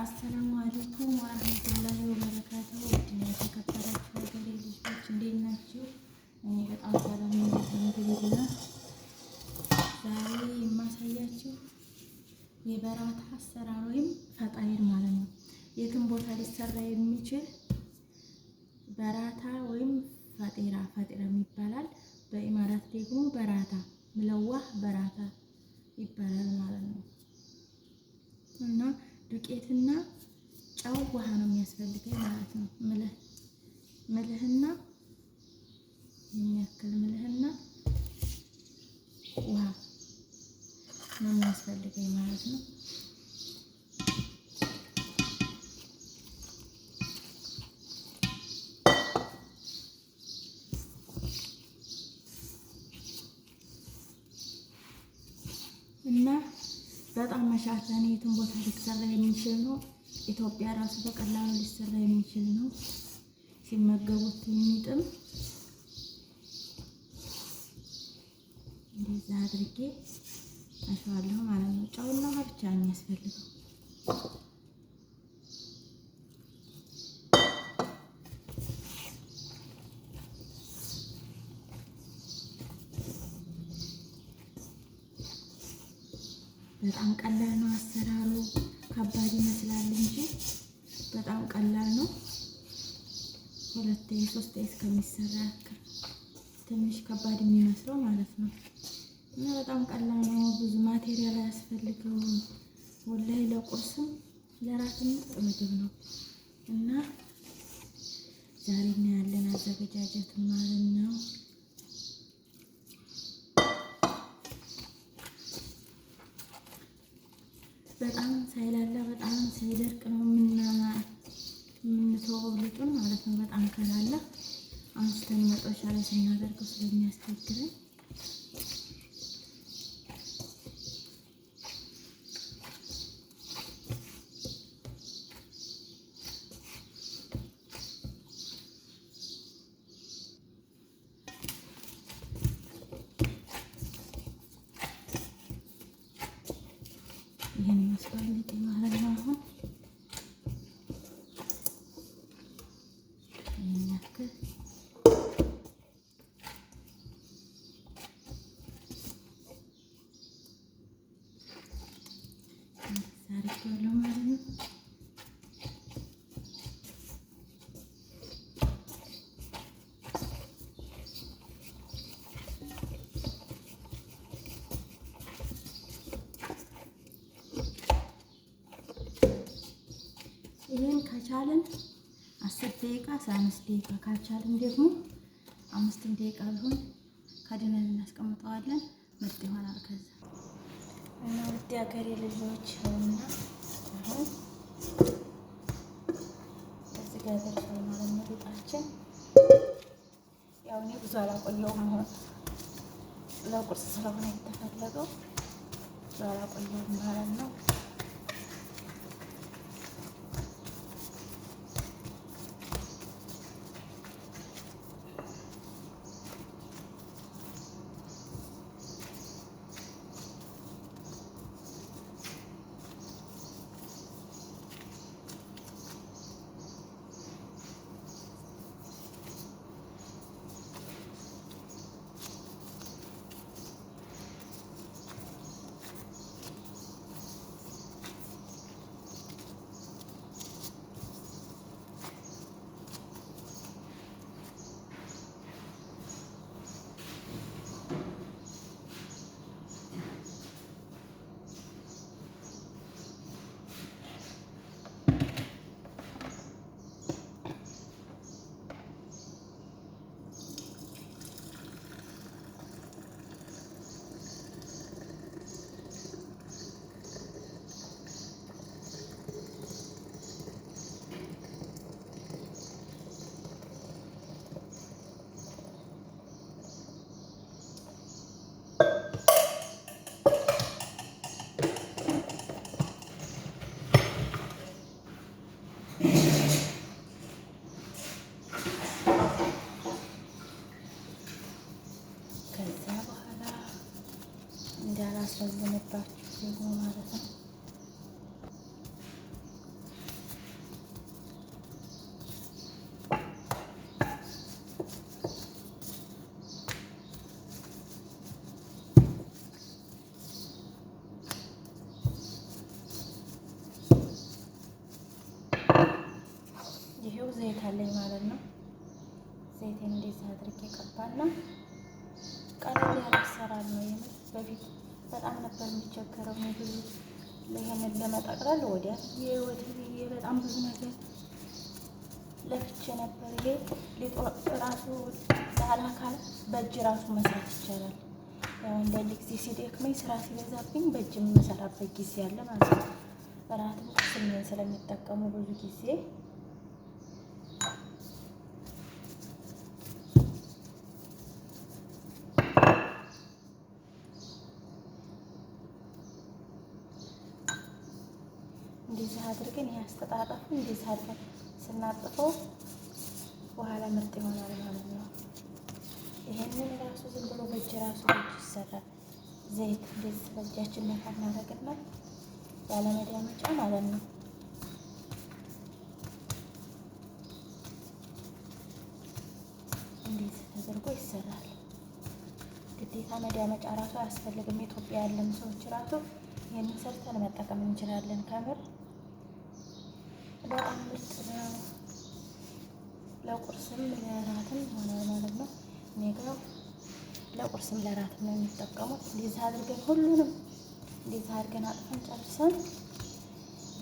አሰላሙ አለይኩም ወራህመቱላሂ ወበረካቱሁ። ውድና የተከበራችሁ ሀገሬ ልጆች እንዴት ናችሁ? እኔ በጣም ሰላም ነኝ፣ አልሐምዱሊላህ። ዛሬ የማሳያችሁ የበራታ አሰራር ወይም ፈጣይር ማለት ነው። የትም ቦታ ሊሰራ የሚችል በራታ ወይም ፈጢራ ፈጢራ ሻርተን እኔ የትም ቦታ ሊሰራ የሚችል ነው። ኢትዮጵያ ራሱ በቀላሉ ሊሰራ የሚችል ነው። ሲመገቡት የሚጥም እንደዛ አድርጌ አሸዋለሁ ማለት ነው። ጨውና ውሃ ብቻ ነው የሚያስፈልገው። በጣም ቀላል ነው አሰራሩ። ከባድ ይመስላል እንጂ በጣም ቀላል ነው። ሁለት ሶስት እስከሚሰራ ያክል ትንሽ ከባድ የሚመስለው ማለት ነው። እና በጣም ቀላል ነው። ብዙ ማቴሪያል አያስፈልገውም። ወላይ ለቁርስም ለራትም ምርጥ ምግብ ነው እና ዛሬ ያለን አዘገጃጀት ማለት ነው። ይህን ከቻልን አስር ደቂቃ አስራ አምስት ደቂቃ ካልቻልን ደግሞ አምስትም ደቂቃ ቢሆን ከድነን እናስቀምጠዋለን። ምርጥ ይሆናል። ከዛ እና ውድ ሀገሬ ልጆች እና አሁን እዚህ ጋር ደርሷል ማለት ነው ሊጣችን። ያው እኔ ብዙ አላቆየውም አሁን ለቁርስ ስለሆነ የተፈለገው ብዙ አላቆየውም ማለት ነው። የሚያሳዝንባችሁ ደግሞ ማለት ነው። ይሄው ዘይት አለኝ ማለት ነው። ዘይቴን እንደዚህ አድርጌ ቀባና ቀለል ያለ አሰራር ነው በፊት በጣም ነበር የሚቸገረው ብዙ ይህንን ለመጠቅለል ወዲያ በጣም ብዙ ነገር ለፍቼ ነበር። ይሄ ሊጦ ራሱ ላላካል በእጅ ራሱ መስራት ይቻላል። ያው አንዳንድ ጊዜ ሲደክመኝ ስራ ሲበዛብኝ በእጅ የምሰራበት ጊዜ አለ ማለት ነው። እራትም ቁርስም ስለሚጠቀሙ ብዙ ጊዜ አድርገን ይሄ አስተጣጣፉ እንደዚህ አድርገን ስናጥፈው በኋላ ምርጥ ይሆናል ማለት ነው። ይሄንን ራሱ ዝም ብሎ በእጅ ራሱ በእጅ ይሰራል። ዘይት እንዴት በእጃችን ነካ እናደርግና ያለ መዳመጫ ማለት ነው። እንዴት ተደርጎ ይሰራል። ግዴታ መዳመጫ ራሱ አያስፈልግም። ኢትዮጵያ ያለን ሰዎች ራሱ ይህንን ሰርተን መጠቀም እንችላለን ከምር ለቁርስም ለራትም ይሆናል ማለት ነው። እኔ ጋ ለቁርስም ለራትም ነው የሚጠቀሙት። እንደዚህ አድርገን ሁሉንም እንደዚህ አድርገን አጥፈን ጨርሰን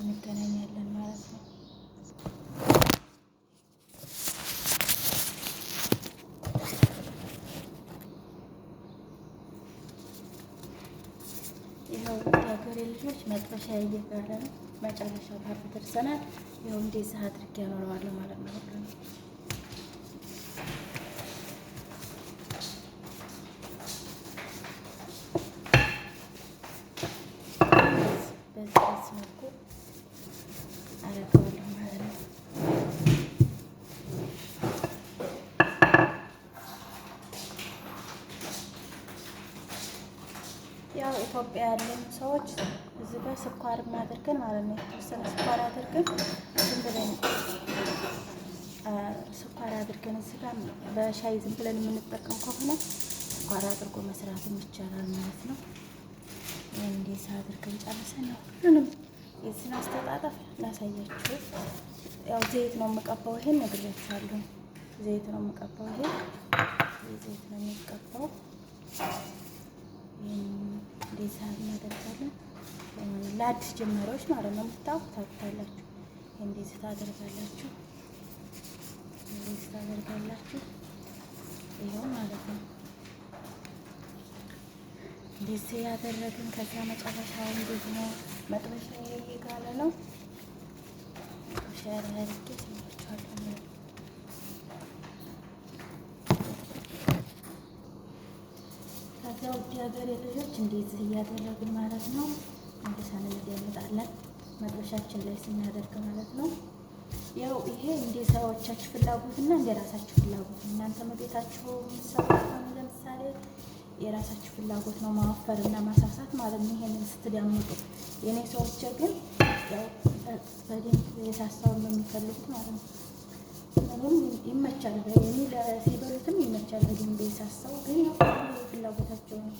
እንገናኛለን ማለት ነው። ይኸው ልጆች መጥበሻ እየጋለ ነው። መጨረሻው ጋር ደርሰናል። ይኸው እንደዚህ አድርጌ ያኖረዋለሁ ማለት ነው። ኢትዮጵያ ያለን ሰዎች እዚህ ጋር ስኳር አድርገን ማለት ነው የተወሰነ ስኳር አድርገን ዝም ብለን ስኳር አድርገን እዚህ ጋር በሻይ ዝም ብለን የምንጠቀም ከሆነ ስኳር አድርጎ መስራትም ይቻላል ማለት ነው። እንዴት አድርገን ጨርሰን ነው ሁሉንም የዚህን አስተጣጠፍ ላሳያችሁ። ያው ዘይት ነው የምቀባው፣ ይሄን ነግሬያችኋለሁ። ዘይት ነው የምቀባው፣ ይሄ ዘይት ነው የሚቀባው። እንደዛ እናደርጋለን። ለአዲስ ጀማሪዎች ማለት ነው። የምታውቁ ታውቁታላችሁ። እንደዚህ ታደርጋላችሁ፣ እንደዚህ ታደርጋላችሁ። ይኸው ማለት ነው። እንደዚህ ያደረግን ከዛ መጨረሻውን ደግሞ መጥበሻ እየጋለ ነው ሸር ያርጌ ነው የሀገሬ ልጆች እንደዚህ እያደረግን ማለት ነው መጥበሻ ላይ እንዲያመጣለን መጥበሻችን ላይ ስናደርግ ማለት ነው። ያው ይሄ እንደ ሰዎቻችሁ ፍላጎት ፍላጎትና እንደ ራሳችሁ ፍላጎት እናንተ መቤታችሁ የምትሰሩት ለምሳሌ የራሳችሁ ፍላጎት ነው ማወፈር እና ማሳሳት ማለት ነው። ይሄንን ስትዳምጡ የእኔ ሰዎች ግን ያው በደንብ የሳሳውን ነው የሚፈልጉት ማለት ነው። ምግቡም ይመቻል በሚል ሲበሉትም ይመቻል። በደንብ የሳሳው ግን ፍላጎታቸው ነው።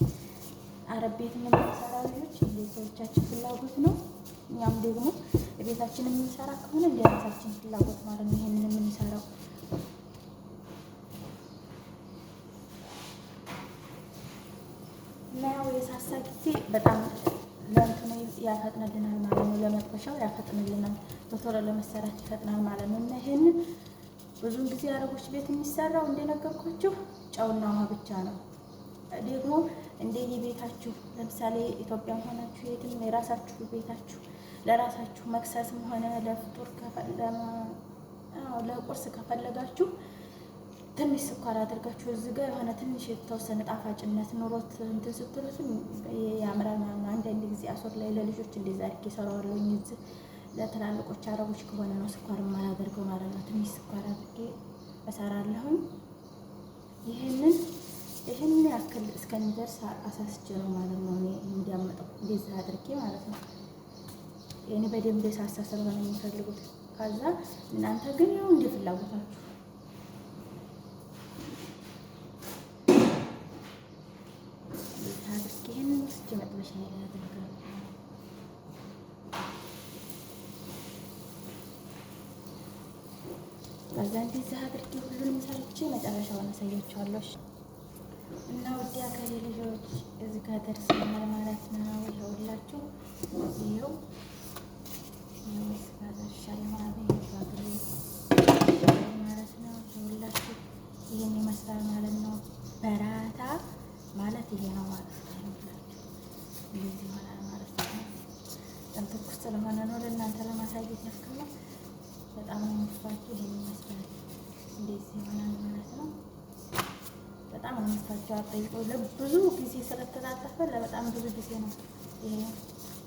አረብ ቤት የምንሰራ ልጆች ሰዎቻችን ፍላጎት ነው። እኛም ደግሞ ቤታችን የምንሰራ ከሆነ ለራሳችን ፍላጎት ማለት ነው። ይሄንን የምንሰራው እና ያው የሳሳ ጊዜ በጣም ለእንትኑ ያፈጥንልናል ማለት ነው። ለመጥበሻው ያፈጥንልናል። በቶሎ ለመሰራት ይፈጥናል ማለት ነው እና ይሄንን ብዙውን ጊዜ አረቦች ቤት የሚሰራው እንደነገርኳችሁ ጨውና ውሃ ብቻ ነው። ደግሞ እንደየ ቤታችሁ ለምሳሌ ኢትዮጵያም ሆናችሁ የትም የራሳችሁ ቤታችሁ ለራሳችሁ መክሰስም ሆነ ለፍጡር ለቁርስ ከፈለጋችሁ ትንሽ ስኳር አድርጋችሁ እዚህ ጋር የሆነ ትንሽ የተወሰነ ጣፋጭነት ኑሮት እንትን ስትሉትም ያምራል። አንዳንድ ጊዜ አሶር ላይ ለልጆች እንደዛ አድርጌ እሰራዋለሁ እዚህ ለትላልቆች አረቦች ከሆነ ነው ስኳር የማያደርገው ማለት ነው። ትንሽ ስኳር አድርጌ እሰራለሁኝ። ይህንን ይህን ያክል እስከሚደርስ አሳስቼ ነው ማለት ነው እኔ እንዲያመጣው እንደዚህ አድርጌ ማለት ነው። እኔ በደንብ የሳሳ ስለሆነ የሚፈልጉት። ከዛ እናንተ ግን ያው እንደ ፍላጎታችሁ አድርጌ ይህንን መጥበሻ ከዛ እንደዚህ አድርጌ ሁሉንም ሰርቼ መጨረሻውን አሳያቸዋለሁ። እና ውድ አካል ልጆች እዚህ ጋር ደርሰናል ማለት ነው። ይኸውላችሁ ይኸው ስጋዘርሻል ማለት ነው። ጋግሬ ማለት ነው። ይኸውላችሁ ይህን ይመስላል ማለት ነው። በራታ ማለት ይሄ ነው ማለት ነው። እንደዚህ ይሆናል ማለት ነው። ጥንትኩስ ስለሆነ ነው ለእናንተ ለማሳየት ያክል ነው። በጣም አመስታችሁ ይሄን ይመስላል። እንደዚህ ይሆናል ማለት ነው። በጣም አጠይቆ ለብዙ ጊዜ ስለተጣጠፈ ለበጣም ብዙ ጊዜ ነው ይሄ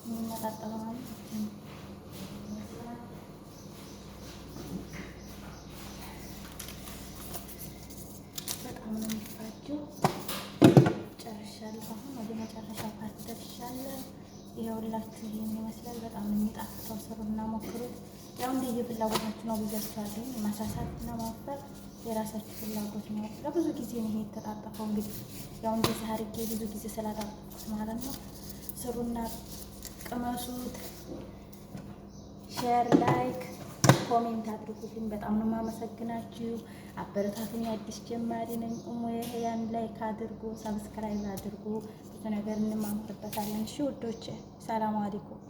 የሚመጣጠበው ማለት ነው። በጣም ነው ጨርሻለሁ። አሁን ወደ መጨረሻ ፓርት ደርሻለሁ። ይኸውላችሁ ይሄን ይመስላል። በጣም ሞክሩት። ያው እንደየ ፍላጎታችሁ ነው ብያችኋለሁ። ማሳሳትና ማፈር የራሳችሁ ፍላጎት ነው። ለብዙ ጊዜ ነው ይሄ የተጣጠፈው። እንግዲህ ያው እንደዚህ አድርጌ ብዙ ጊዜ ስላጣጠፍኩት ማለት ነው። ስሩና ቅመሱት። ሼር፣ ላይክ፣ ኮሜንት አድርጉልኝ። በጣም ነው የማመሰግናችሁ። አበረታቱን። አዲስ ጀማሪ ነኝ። እሙ ያን ላይክ አድርጉ፣ ሰብስክራይብ አድርጉ። ብዙ ነገር እንማምርበታለን። እሺ ውዶቼ፣ ሰላም አለይኩም።